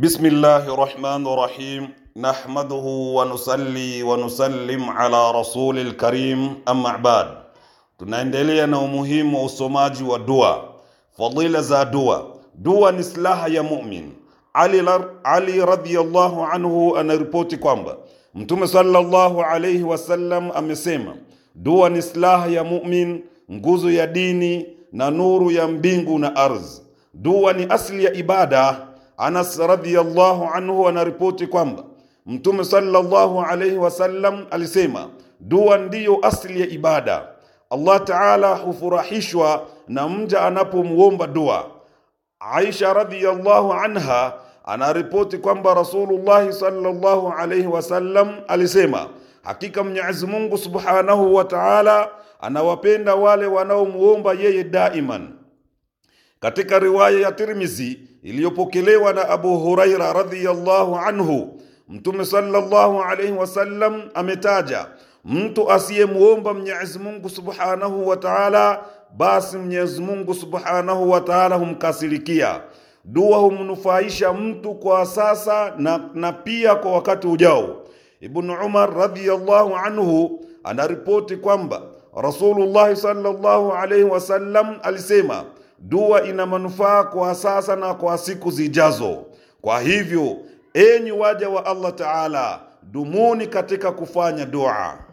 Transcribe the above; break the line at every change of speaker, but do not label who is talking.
بسم الله الرحمن الرحيم نحمده ونصلي ونسلم ala rasuli الكريم أما بعد tunaendelea na umuhimu wa usomaji wa dua fadila za dua dua ni silaha ya mumin ali, ali radhiyallahu anhu anaripoti kwamba mtume sallallahu alayhi wasallam amesema dua ni silaha ya mumin nguzo ya dini na nuru ya mbingu na ardhi dua ni asli ya ibada Anas radhiyallahu anhu anaripoti kwamba Mtume sallallahu alayhi wasallam alisema, dua ndiyo asili ya ibada. Allah Taala hufurahishwa na mja anapomuomba dua. Aisha radhiyallahu anha anaripoti kwamba Rasulullah sallallahu alayhi wasallam alisema, hakika Mwenyezi Mungu subhanahu wa Taala anawapenda wale wanaomuomba yeye daiman. Katika riwaya ya Tirmizi iliyopokelewa na Abu Huraira radhiyallahu anhu, Mtume sallallahu alayhi wasallam ametaja mtu asiyemuomba Mwenyezi Mungu subhanahu wa taala, basi Mwenyezi Mungu subhanahu wa taala humkasirikia. Dua humnufaisha mtu kwa sasa na, na pia kwa wakati ujao. Ibn Umar radhiyallahu anhu anaripoti kwamba Rasulullahi sallallahu alayhi wasallam alisema dua ina manufaa kwa sasa na kwa siku zijazo. Kwa hivyo, enyi waja wa Allah Taala, dumuni katika kufanya dua.